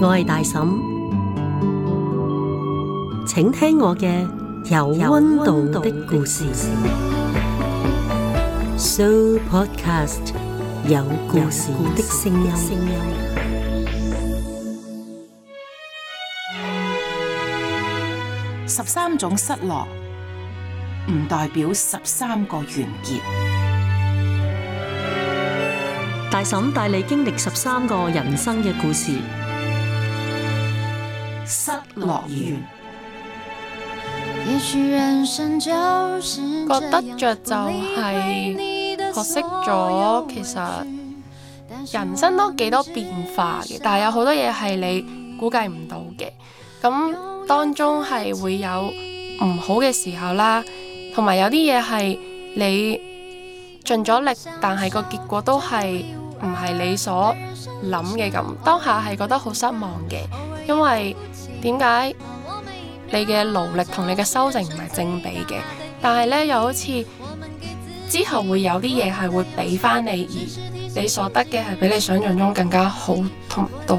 我係大嬸，請聽我嘅有溫度的故事。Show Podcast 有故事的聲音。十三種失落唔代表十三個完結。大嬸帶你經歷十三個人生嘅故事。樂園。覺得着就係學識咗，其實人生都幾多變化嘅，但係有好多嘢係你估計唔到嘅。咁當中係會有唔好嘅時候啦，同埋有啲嘢係你盡咗力，但係個結果都係唔係你所諗嘅咁，當下係覺得好失望嘅，因為。點解你嘅勞力同你嘅收成唔係正比嘅？但係呢，又好似之後會有啲嘢係會俾翻你，而你所得嘅係比你想象中更加好同多。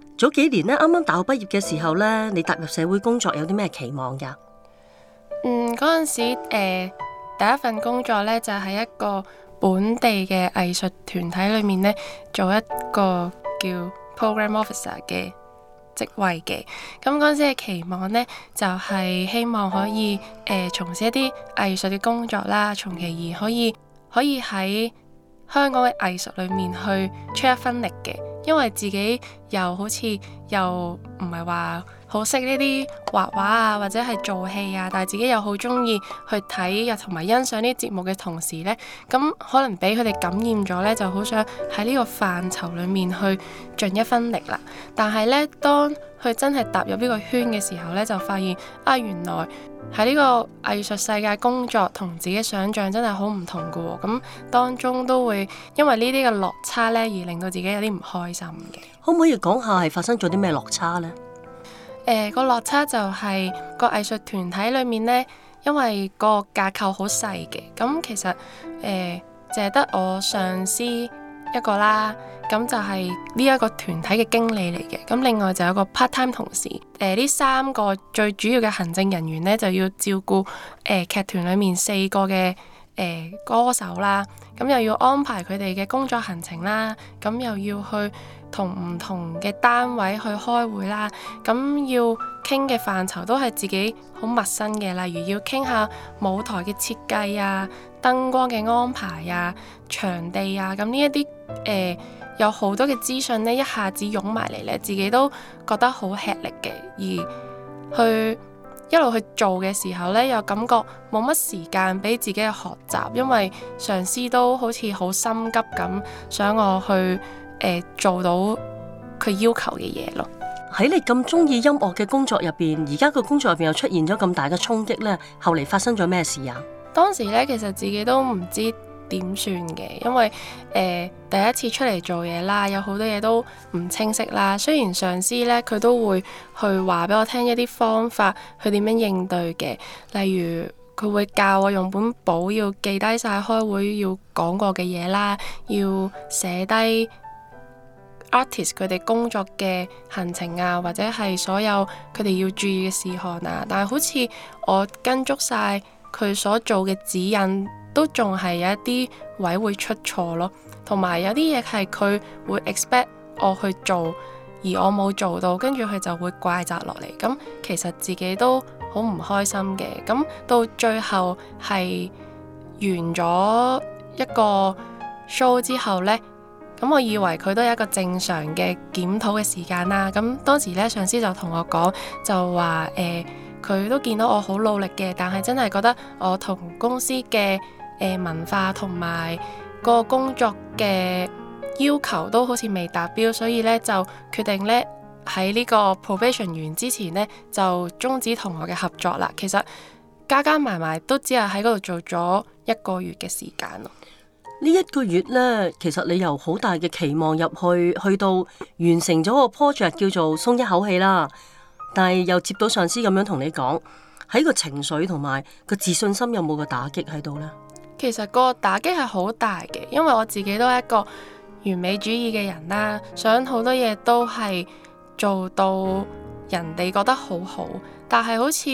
早幾年咧，啱啱大學畢業嘅時候咧，你踏入社會工作有啲咩期望噶？嗯，嗰、那、陣、個、時誒、呃，第一份工作咧就係、是、一個本地嘅藝術團體裏面咧，做一個叫 program officer 嘅職位嘅。咁嗰陣時嘅期望咧，就係、是、希望可以誒、呃、從事一啲藝術嘅工作啦，從其二可以可以喺香港嘅藝術裏面去出一分力嘅。因為自己又好似又唔係話。好識呢啲畫畫啊，或者係做戲啊，但係自己又好中意去睇又同埋欣賞呢啲節目嘅同時呢，咁可能俾佢哋感染咗呢，就好想喺呢個範疇裡面去盡一分力啦。但係呢，當佢真係踏入呢個圈嘅時候呢，就發現啊，原來喺呢個藝術世界工作同自己想像真係好唔同㗎喎。咁當中都會因為呢啲嘅落差呢，而令到自己有啲唔開心嘅。可唔可以講下係發生咗啲咩落差呢？誒、呃個落差就係個藝術團體裏面呢，因為個架構好細嘅，咁其實誒淨係得我上司一個啦，咁就係呢一個團體嘅經理嚟嘅，咁另外就有一個 part time 同事，誒、呃、呢三個最主要嘅行政人員呢，就要照顧誒、呃、劇團裏面四個嘅。歌手啦，咁又要安排佢哋嘅工作行程啦，咁又要去同唔同嘅單位去開會啦，咁要傾嘅範疇都係自己好陌生嘅，例如要傾下舞台嘅設計啊、燈光嘅安排啊、場地啊，咁呢一啲誒有好多嘅資訊呢，一下子湧埋嚟咧，自己都覺得好吃力嘅，而去。一路去做嘅時候呢，又感覺冇乜時間俾自己去學習，因為上司都好似好心急咁想我去誒、呃、做到佢要求嘅嘢咯。喺你咁中意音樂嘅工作入邊，而家個工作入邊又出現咗咁大嘅衝擊呢？後嚟發生咗咩事啊？當時呢，其實自己都唔知。點算嘅？因為誒、呃、第一次出嚟做嘢啦，有好多嘢都唔清晰啦。雖然上司呢，佢都會去話俾我聽一啲方法，佢點樣應對嘅。例如佢會教我用本簿要記低晒開會要講過嘅嘢啦，要寫低 artist 佢哋工作嘅行程啊，或者係所有佢哋要注意嘅事項啊。但係好似我跟足晒佢所做嘅指引。都仲係有一啲位會出錯咯，同埋有啲嘢係佢會 expect 我去做，而我冇做到，跟住佢就會怪責落嚟。咁其實自己都好唔開心嘅。咁到最後係完咗一個 show 之後呢，咁我以為佢都有一個正常嘅檢討嘅時間啦。咁當時呢，上司就同我講，就話誒佢都見到我好努力嘅，但係真係覺得我同公司嘅。誒文化同埋嗰個工作嘅要求都好似未達標，所以咧就決定咧喺呢個 probation 完之前咧就終止同我嘅合作啦。其實加加埋埋都只係喺嗰度做咗一個月嘅時間咯。呢一個月咧，其實你由好大嘅期望入去，去到完成咗個 project 叫做鬆一口氣啦，但係又接到上司咁樣同你講，喺個情緒同埋個自信心有冇個打擊喺度咧？其實個打擊係好大嘅，因為我自己都係一個完美主義嘅人啦，想好多嘢都係做到人哋覺得好好，但係好似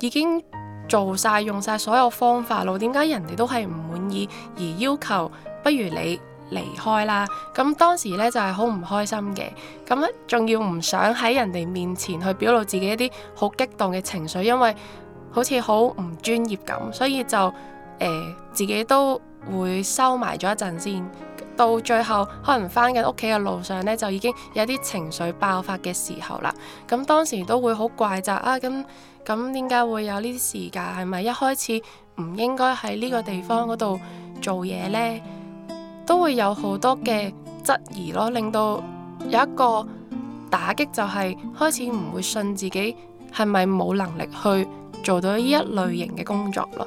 已經做晒用晒所有方法咯，點解人哋都係唔滿意而要求不如你離開啦？咁當時呢就係好唔開心嘅，咁仲要唔想喺人哋面前去表露自己一啲好激動嘅情緒，因為好似好唔專業咁，所以就。呃、自己都會收埋咗一陣先，到最後可能返緊屋企嘅路上呢，就已經有啲情緒爆發嘅時候啦。咁當時都會好怪責啊，咁咁點解會有呢啲事㗎？係咪一開始唔應該喺呢個地方嗰度做嘢呢？都會有好多嘅質疑咯，令到有一個打擊，就係開始唔會信自己係咪冇能力去做到呢一類型嘅工作咯。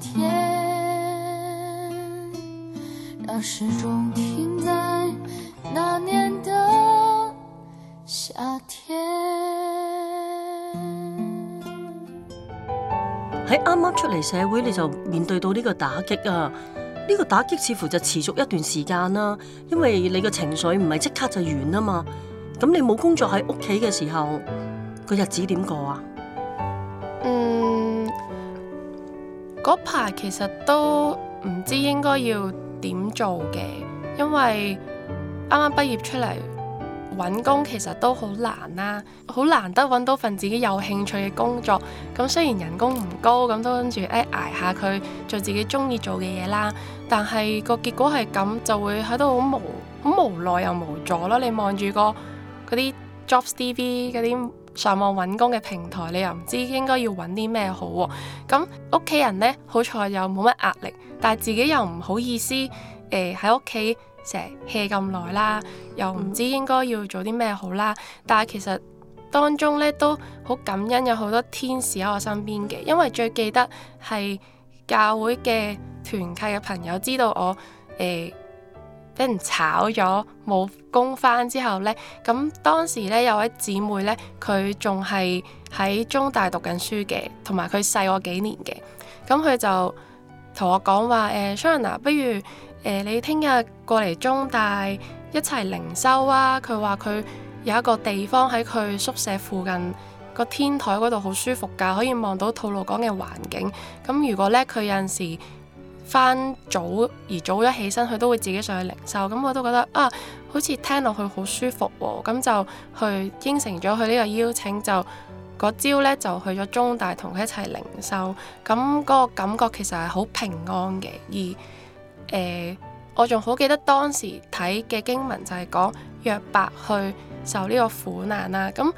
停在那年的夏天，喺啱啱出嚟社會，你就面對到呢個打擊啊！呢個打擊似乎就持續一段時間啦、啊，因為你嘅情緒唔係即刻就完啊嘛。咁你冇工作喺屋企嘅時候，個日子點過啊？嗰排其實都唔知應該要點做嘅，因為啱啱畢業出嚟揾工其實都好難啦、啊，好難得揾到份自己有興趣嘅工作。咁雖然人工唔高，咁都跟住誒捱下佢，做自己鍾意做嘅嘢啦。但係個結果係咁，就會喺度好無好無奈又無助咯。你望住個嗰啲 Jobs TV 嗰啲。上網揾工嘅平台，你又唔知應該要揾啲咩好喎、啊？咁屋企人呢，好彩又冇乜壓力，但係自己又唔好意思誒喺屋企成日 hea 咁耐啦，又唔知應該要做啲咩好啦。但係其實當中呢，都好感恩，有好多天使喺我身邊嘅，因為最記得係教會嘅團契嘅朋友知道我誒。呃俾人炒咗冇工返之後呢。咁當時呢，有位姊妹呢，佢仲係喺中大讀緊書嘅，同埋佢細我幾年嘅，咁佢就同我講話：誒、欸、Shana 不如誒、欸、你聽日過嚟中大一齊靈修啊！佢話佢有一個地方喺佢宿舍附近個天台嗰度好舒服㗎，可以望到吐露港嘅環境。咁如果呢，佢有陣時，翻早而早一起身，佢都會自己上去靈修。咁我都覺得啊，好似聽落去好舒服喎、哦，咁就去應承咗佢呢個邀請，就嗰朝咧就去咗中大同佢一齊靈修。咁、那、嗰個感覺其實係好平安嘅，而誒、呃、我仲好記得當時睇嘅經文就係講約伯去受呢個苦難啦，咁、那、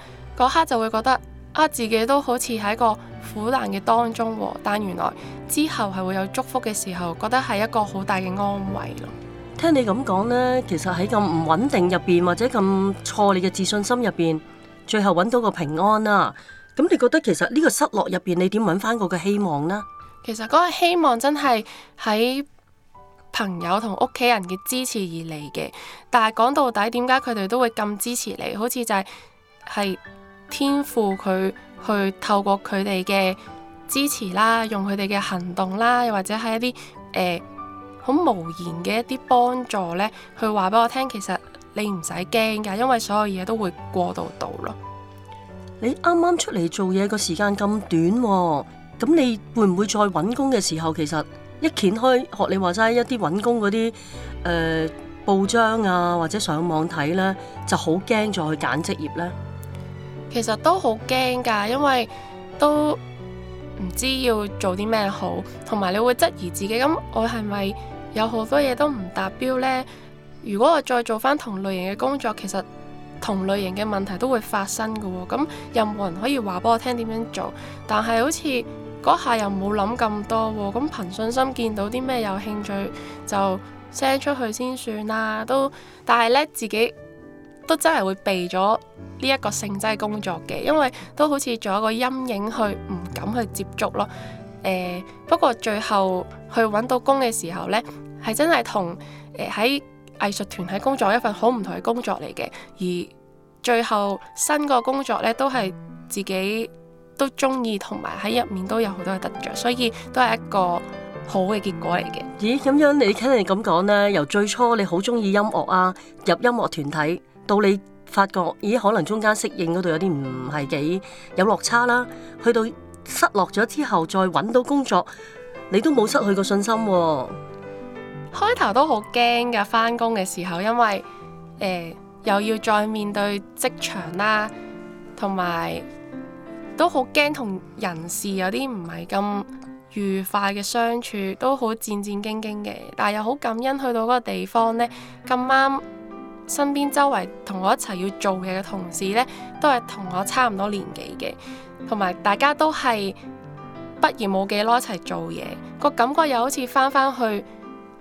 嗰、個、刻就會覺得。啊！自己都好似喺個苦難嘅當中、哦，但原來之後係會有祝福嘅時候，覺得係一個好大嘅安慰咯。聽你咁講呢，其實喺咁唔穩定入邊，或者咁錯你嘅自信心入邊，最後揾到個平安啦、啊。咁你覺得其實呢個失落入邊，你點揾翻個嘅希望呢？其實嗰個希望真係喺朋友同屋企人嘅支持而嚟嘅。但係講到底，點解佢哋都會咁支持你？好似就係、係、係。天賦佢去透過佢哋嘅支持啦，用佢哋嘅行動啦，又或者係一啲誒好無言嘅一啲幫助呢，去話俾我聽，其實你唔使驚㗎，因為所有嘢都會過到到咯。你啱啱出嚟做嘢個時間咁短，哦，咁你會唔會再揾工嘅時候，其實一掀開學你話齋一啲揾工嗰啲誒報章啊，或者上網睇呢，就好驚再去揀職業呢？其實都好驚噶，因為都唔知要做啲咩好，同埋你會質疑自己，咁我係咪有好多嘢都唔達標呢？如果我再做翻同類型嘅工作，其實同類型嘅問題都會發生噶。咁又冇人可以話俾我聽點樣做，但係好似嗰下又冇諗咁多。咁憑信心見到啲咩有興趣就 send 出去先算啦。都，但係呢，自己。都真係會避咗呢一個性質工作嘅，因為都好似仲有個陰影去，唔敢去接觸咯。誒、呃，不過最後去揾到工嘅時候呢，係真係同誒喺藝術團體工作一份好唔同嘅工作嚟嘅。而最後新個工作呢，都係自己都中意，同埋喺入面都有好多嘅得着，所以都係一個好嘅結果嚟嘅。咦，咁樣你聽你咁講啦，由最初你好中意音樂啊，入音樂團體。到你發覺，咦？可能中間適應嗰度有啲唔係幾有落差啦。去到失落咗之後，再揾到工作，你都冇失去過信心啊。開頭都好驚㗎，翻工嘅時候，因為、呃、又要再面對職場啦，同埋都好驚同人事有啲唔係咁愉快嘅相處，都好戰戰兢兢嘅。但係又好感恩去到嗰個地方呢，咁啱，身邊周圍同我一齊要做嘢嘅同事呢，都係同我差唔多年紀嘅，同埋大家都係畢業冇幾耐一齊做嘢，個感覺又好似返返去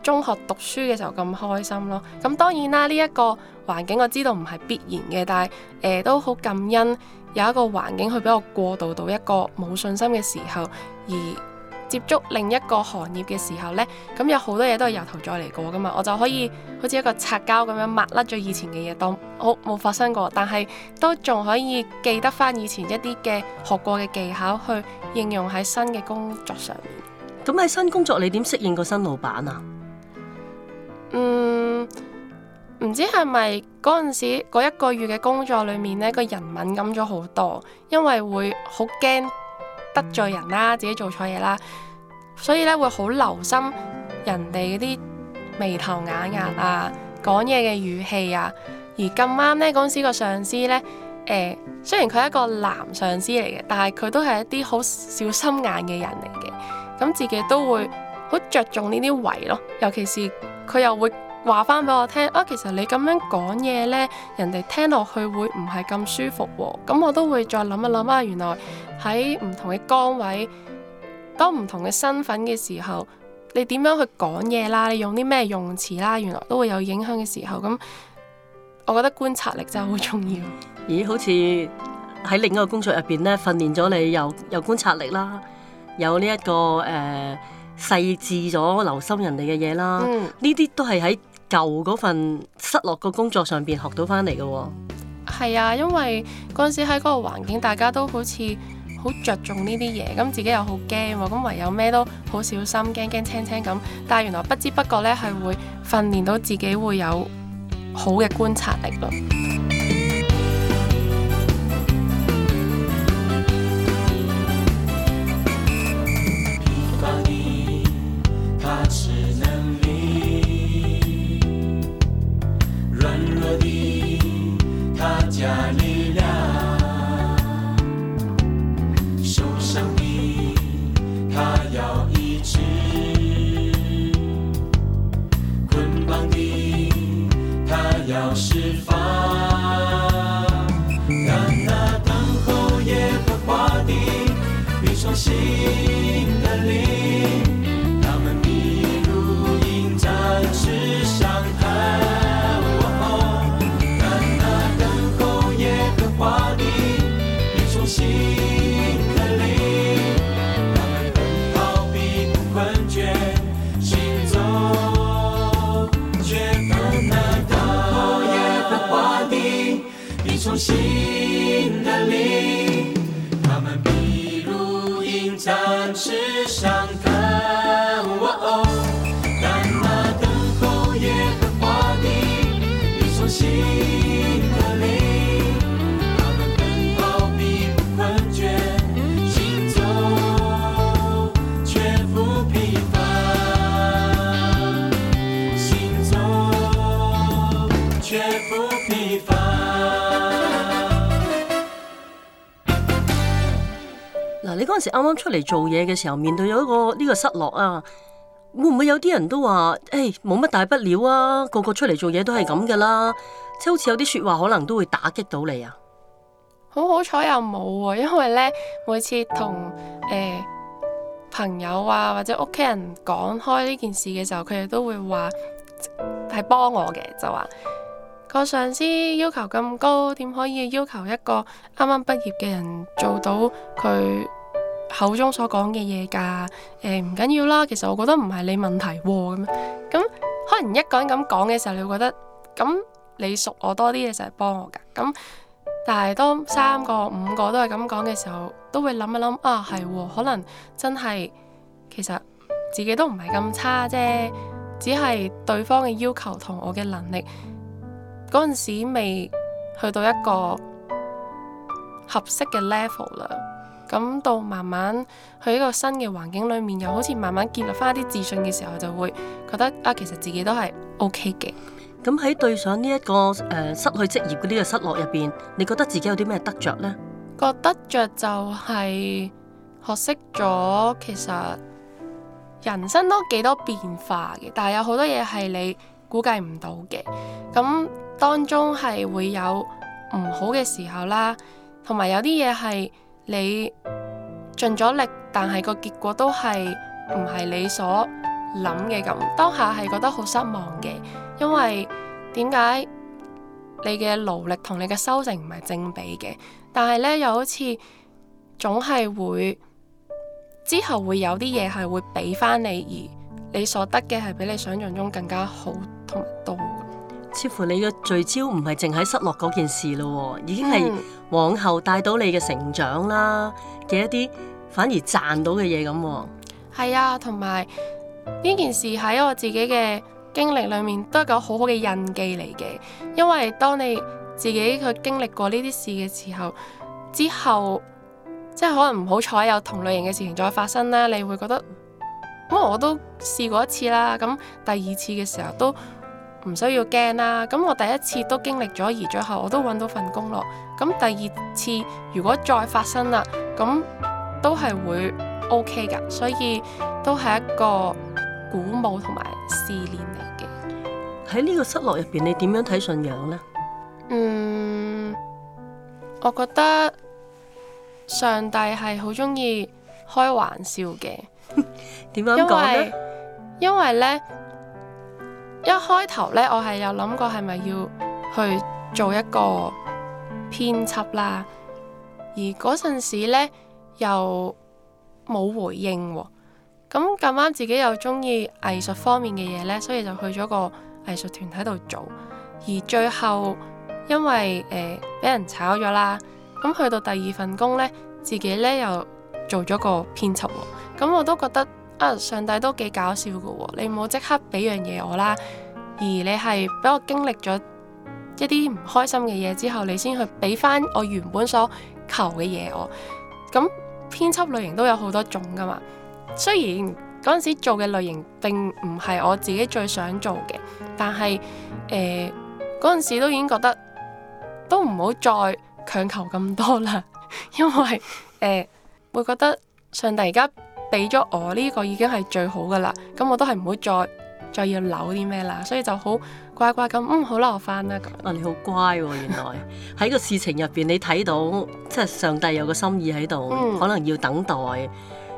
中學讀書嘅時候咁開心咯。咁、嗯、當然啦，呢、這、一個環境我知道唔係必然嘅，但係、呃、都好感恩有一個環境去俾我過渡到一個冇信心嘅時候而。接觸另一個行業嘅時候呢，咁有好多嘢都係由頭再嚟過噶嘛，我就可以好似一個擦膠咁樣抹甩咗以前嘅嘢，當好冇發生過，但係都仲可以記得翻以前一啲嘅學過嘅技巧去應用喺新嘅工作上面。咁喺新工作你點適應個新老闆啊？嗯，唔知係咪嗰陣時嗰一個月嘅工作裏面呢，個人敏感咗好多，因為會好驚得罪人啦，自己做錯嘢啦。所以咧會好留心人哋嗰啲眉頭眼額啊，講嘢嘅語氣啊。而咁啱呢，嗰時個上司呢，誒、呃、雖然佢係一個男上司嚟嘅，但係佢都係一啲好小心眼嘅人嚟嘅。咁自己都會好着重呢啲圍咯。尤其是佢又會話返俾我聽，啊其實你咁樣講嘢呢，人哋聽落去會唔係咁舒服喎、啊。咁我都會再諗一諗啊，原來喺唔同嘅崗位。當唔同嘅身份嘅時候，你點樣去講嘢啦？你用啲咩用詞啦？原來都會有影響嘅時候，咁我覺得觀察力真係好重要、嗯。咦？好似喺另一個工作入邊咧，訓練咗你有有觀察力啦，有呢、這、一個誒細致咗留心人哋嘅嘢啦。呢啲、嗯、都係喺舊嗰份失落嘅工作上邊學到翻嚟嘅。係啊，因為嗰時喺嗰個環境，大家都好似。好着重呢啲嘢，咁自己又好驚喎，咁唯有咩都好小心，驚驚青青咁。但係原來不知不覺呢，係會訓練到自己會有好嘅觀察力咯。嗰時啱啱出嚟做嘢嘅時候，面對有一個呢個失落啊，會唔會有啲人都話誒冇乜大不了啊？個個出嚟做嘢都係咁噶啦，即好似有啲說話可能都會打擊到你啊。好好彩又冇啊，因為呢，每次同誒、呃、朋友啊或者屋企人講開呢件事嘅時候，佢哋都會話係幫我嘅，就話個上司要求咁高，點可以要求一個啱啱畢業嘅人做到佢？口中所講嘅嘢噶誒唔緊要啦。其實我覺得唔係你問題喎，啊，咁咁可能一個人咁講嘅時候，你會覺得咁你熟我多啲嘅時候幫我噶，咁但係當三個五個都係咁講嘅時候，都會諗一諗啊係，可能真係其實自己都唔係咁差啫，只係對方嘅要求同我嘅能力嗰陣時未去到一個合適嘅 level 啦。咁到慢慢去一個新嘅環境裏面，又好似慢慢建立翻一啲自信嘅時候，就會覺得啊，其實自己都係 OK 嘅。咁喺對上呢、這、一個誒、呃、失去職業嗰啲嘅失落入邊，你覺得自己有啲咩得着呢？個得着就係學識咗，其實人生都幾多變化嘅，但係有好多嘢係你估計唔到嘅。咁當中係會有唔好嘅時候啦，同埋有啲嘢係。你盡咗力，但係個結果都係唔係你所諗嘅咁，當下係覺得好失望嘅，因為點解你嘅勞力同你嘅收成唔係正比嘅？但係呢，又好似總係會之後會有啲嘢係會俾翻你，而你所得嘅係比你想象中更加好同埋多。似乎你嘅聚焦唔係淨係失落嗰件事咯，哦，已經係往後帶到你嘅成長啦嘅、嗯、一啲反而賺到嘅嘢咁。係啊，同埋呢件事喺我自己嘅經歷裏面都係個好好嘅印記嚟嘅，因為當你自己去經歷過呢啲事嘅時候，之後即係可能唔好彩有同類型嘅事情再發生啦，你會覺得，咁、嗯、我都試過一次啦，咁第二次嘅時候都。唔需要驚啦，咁我第一次都經歷咗而最後，我都揾到份工咯。咁第二次如果再發生啦，咁都係會 OK 噶，所以都係一個鼓舞同埋思念嚟嘅。喺呢個失落入邊，你點樣睇信仰呢？嗯，我覺得上帝係好中意開玩笑嘅。點樣講咧？因為呢。一開頭呢，我係有諗過係咪要去做一個編輯啦，而嗰陣時呢，又冇回應喎，咁咁啱自己又中意藝術方面嘅嘢呢，所以就去咗個藝術團喺度做，而最後因為誒俾、呃、人炒咗啦，咁去到第二份工呢，自己呢又做咗個編輯，咁我都覺得。啊！上帝都幾搞笑噶喎、哦，你唔好即刻俾樣嘢我啦，而你係俾我經歷咗一啲唔開心嘅嘢之後，你先去俾返我原本所求嘅嘢我。咁編輯類型都有好多種噶嘛，雖然嗰陣時做嘅類型並唔係我自己最想做嘅，但係誒嗰陣時都已經覺得都唔好再強求咁多啦， 因為誒、呃、會覺得上帝而家。俾咗我呢、這個已經係最好噶啦，咁我都係唔會再，再要扭啲咩啦，所以就好乖乖咁，嗯，好啦，我翻啦。哦、啊，你好乖喎、哦，原來喺 個事情入邊你睇到，即係上帝有個心意喺度，嗯、可能要等待，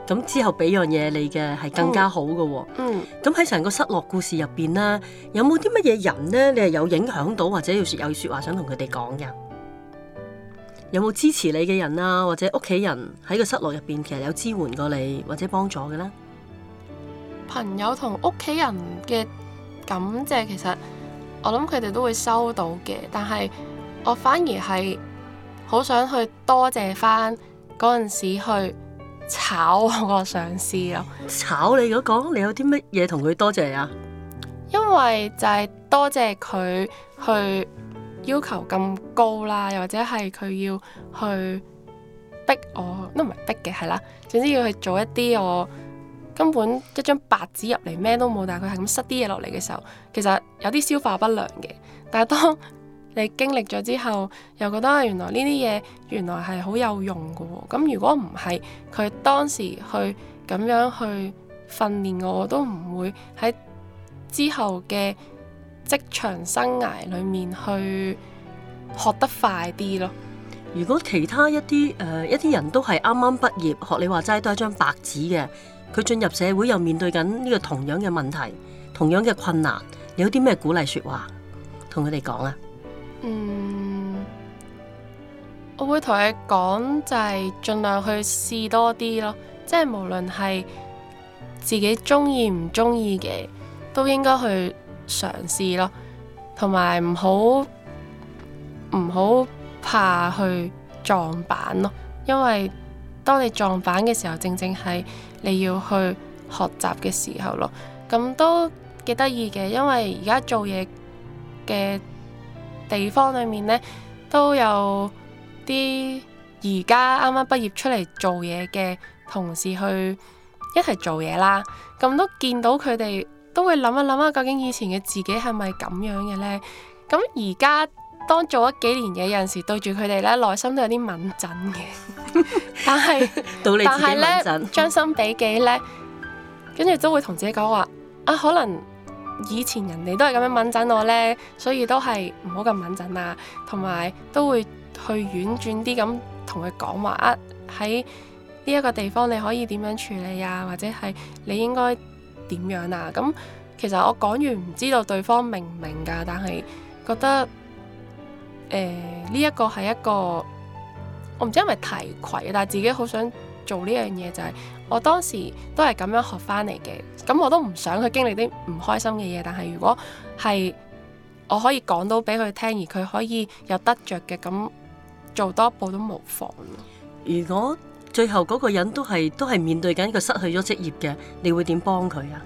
咁之後俾樣嘢你嘅係更加好噶、嗯。嗯，咁喺成個失落故事入邊啦，有冇啲乜嘢人呢？你係有影響到或者有說有說話想同佢哋講嘅？有冇支持你嘅人啊，或者屋企人喺個失落入邊，其實有支援過你或者幫助嘅咧？朋友同屋企人嘅感謝，其實我諗佢哋都會收到嘅。但係我反而係好想去多謝翻嗰陣時去炒我個上司咯。炒你嗰、嗰個，你有啲乜嘢同佢多謝啊？因為就係多謝佢去。要求咁高啦，又或者係佢要去逼我，都唔係逼嘅，係啦，總之要去做一啲我根本一張白紙入嚟，咩都冇，但係佢係咁塞啲嘢落嚟嘅時候，其實有啲消化不良嘅。但係當你經歷咗之後，又覺得原來呢啲嘢原來係好有用嘅喎、哦。咁如果唔係佢當時去咁樣去訓練我，我都唔會喺之後嘅。職場生涯裏面去學得快啲咯。如果其他一啲誒、呃、一啲人都係啱啱畢業，學你話齋都係一張白紙嘅，佢進入社會又面對緊呢個同樣嘅問題，同樣嘅困難，有啲咩鼓勵説話同佢哋講啊？嗯，我會同佢講就係盡量去試多啲咯，即係無論係自己中意唔中意嘅，都應該去。嘗試咯，同埋唔好唔好怕去撞板咯，因為當你撞板嘅時候，正正係你要去學習嘅時候咯。咁都幾得意嘅，因為而家做嘢嘅地方裏面呢，都有啲而家啱啱畢業出嚟做嘢嘅同事去一齊做嘢啦。咁都見到佢哋。都會諗一諗啊，究竟以前嘅自己係咪咁樣嘅呢？咁而家當做咗幾年嘢，有陣時對住佢哋呢，內心都有啲敏感嘅。 但係是， 但係呢，將 心比己呢，跟住都會同自己講話啊，可能以前人哋都係咁樣敏感我呢，所以都係唔好咁敏感啦。同埋都會去婉轉啲咁同佢講話，喺呢一個地方你可以點樣處理啊？或者係你應該點樣啊？咁其實我講完唔知道對方明唔明噶，但係覺得誒呢、呃這個、一個係一個我唔知係咪提携，但係自己好想做呢樣嘢就係、是、我當時都係咁樣學翻嚟嘅。咁我都唔想佢經歷啲唔開心嘅嘢，但係如果係我可以講到俾佢聽，而佢可以有得着嘅，咁做多步都無妨。如果最後嗰個人都係都係面對緊佢失去咗職業嘅，你會點幫佢啊？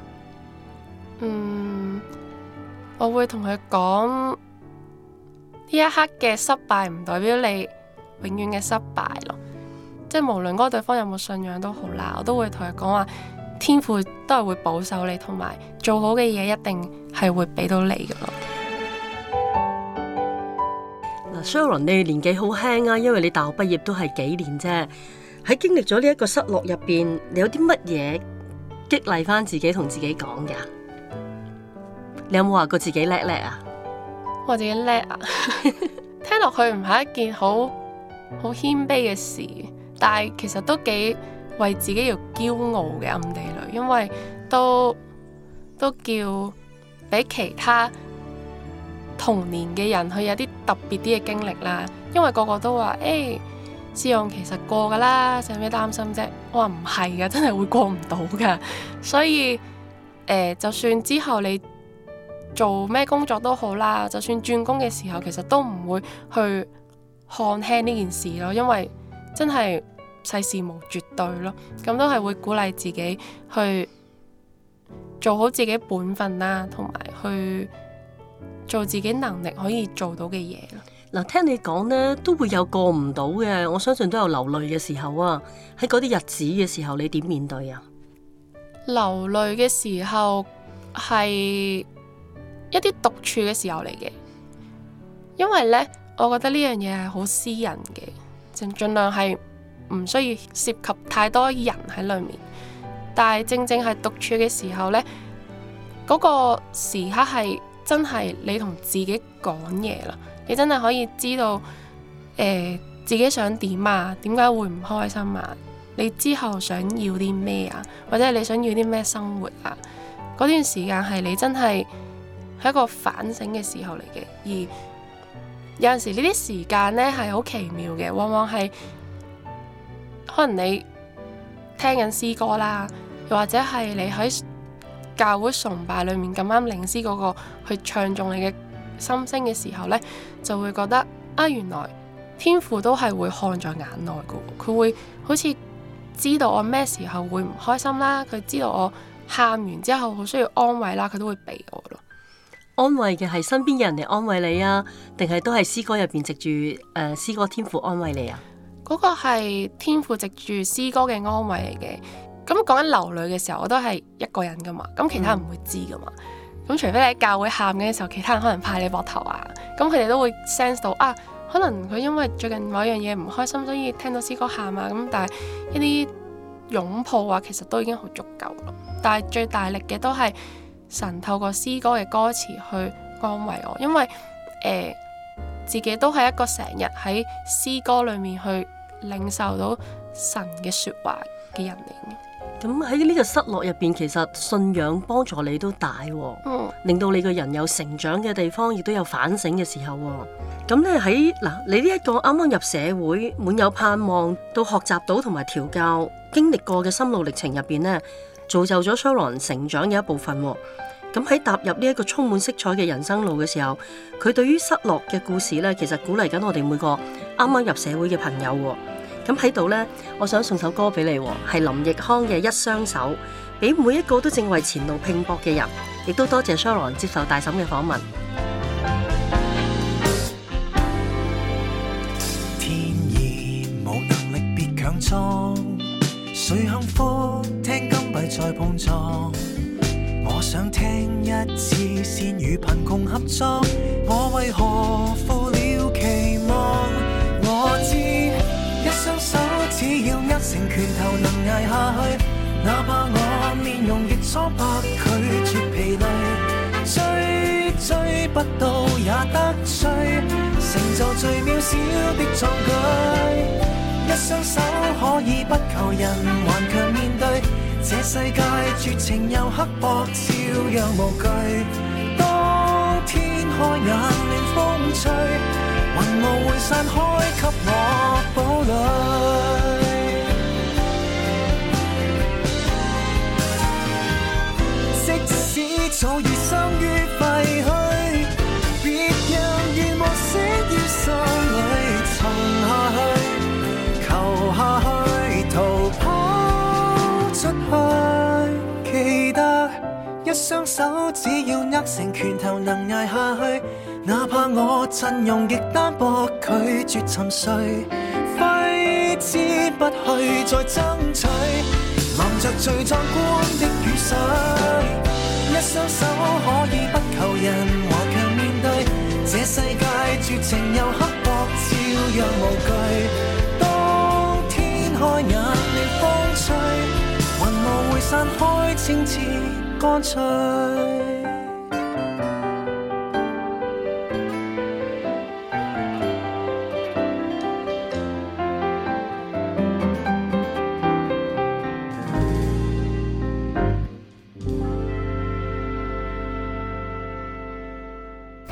嗯，我會同佢講，呢一刻嘅失敗唔代表你永遠嘅失敗咯，即係無論嗰個對方有冇信仰都好啦，我都會同佢講話，天父都係會保守你，同埋做好嘅嘢，一定係會俾到你嘅咯。嗱，s Sharon，你年紀好輕啊，因為你大學畢業都係幾年啫。喺經歷咗呢一個失落入邊，你有啲乜嘢激勵翻自己同自己講噶？你有冇話過自己叻叻啊？我自己叻啊， 聽落去唔係一件好好謙卑嘅事，但係其實都幾為自己要驕傲嘅暗地裏，因為都都叫比其他同年嘅人去有啲特別啲嘅經歷啦。因為個個都話誒。欸試用其實過噶啦，使咩擔心啫？我話唔係噶，真係會過唔到噶， 所以誒、呃，就算之後你做咩工作都好啦，就算轉工嘅時候，其實都唔會去看輕呢件事咯，因為真係世事無絕對咯，咁都係會鼓勵自己去做好自己本分啦，同埋去做自己能力可以做到嘅嘢啦。嗱，聽你講咧，都會有過唔到嘅。我相信都有流淚嘅時候啊。喺嗰啲日子嘅時候，你點面對啊？流淚嘅時候係一啲獨處嘅時候嚟嘅，因為呢，我覺得呢樣嘢係好私人嘅，盡盡量係唔需要涉及太多人喺裏面。但係正正係獨處嘅時候呢，嗰個時刻係真係你同自己講嘢啦。你真係可以知道，誒、呃，自己想點啊？點解會唔開心啊？你之後想要啲咩啊？或者你想要啲咩生活啊？嗰段時間係你真係係一個反省嘅時候嚟嘅，而有陣時呢啲時間呢，係好奇妙嘅，往往係可能你聽緊詩歌啦，又或者係你喺教會崇拜裏面咁啱領詩嗰個去唱中你嘅。心聲嘅時候呢，就會覺得啊，原來天父都係會看在眼內噶。佢會好似知道我咩時候會唔開心啦，佢知道我喊完之後好需要安慰啦，佢都會俾我咯。安慰嘅係身邊嘅人嚟安慰你啊，定係都係詩歌入邊藉住誒詩歌天父安慰你啊？嗰個係天父藉住詩歌嘅安慰嚟嘅。咁講緊流淚嘅時候，我都係一個人噶嘛，咁其他人唔會知噶嘛。咁除非你喺教會喊嘅時候，其他人可能拍你膊頭啊，咁佢哋都會 sense 到啊，可能佢因為最近某樣嘢唔開心，所以聽到詩歌喊啊，咁但係一啲擁抱啊，其實都已經好足夠。但係最大力嘅都係神透過詩歌嘅歌詞去安慰我，因為誒、呃、自己都係一個成日喺詩歌裏面去領受到神嘅說話嘅人嚟嘅。咁喺呢個失落入邊，其實信仰幫助你都大、哦，嗯、令到你個人有成長嘅地方，亦都有反省嘅時候、哦。咁咧喺嗱，你呢一個啱啱入社會滿有盼望，都學習到學習到同埋調教經歷過嘅心路歷程入邊咧，造就咗 Sharon 成長嘅一部分、哦。咁喺踏入呢一個充滿色彩嘅人生路嘅時候，佢對於失落嘅故事咧，其實鼓勵緊我哋每個啱啱入社會嘅朋友、哦。咁喺度呢，我想送首歌俾你，係林奕康嘅《一雙手》，俾每一個都正為前路拼搏嘅人，亦都多謝 Sharon 接受大嬸嘅訪問。天意冇能力，別強裝。誰幸福？聽金幣再碰撞。我想聽一次，先與貧窮合作。我為何？成拳頭能捱下去，哪怕我面容越蒼白，拒絕疲累。追追不到也得追，成就最渺小的壯舉。一雙手可以不求人，頑強面對這世界絕情又刻薄，照樣無懼。當天開眼風吹，雲霧會散開給我堡壘。早已生於廢墟，別讓願望死於心裏。沉下去，求下去，逃跑出去。記得一雙手只要握成拳頭，能捱下去。哪怕我陣容極單薄，拒絕沉睡，揮之不去，再爭取望着最壯觀的雨水。一雙手可以不求人，頑強面對這世界，絕情又刻薄，照樣無懼。當天開眼，暖風吹，雲霧會散開，清澈乾脆。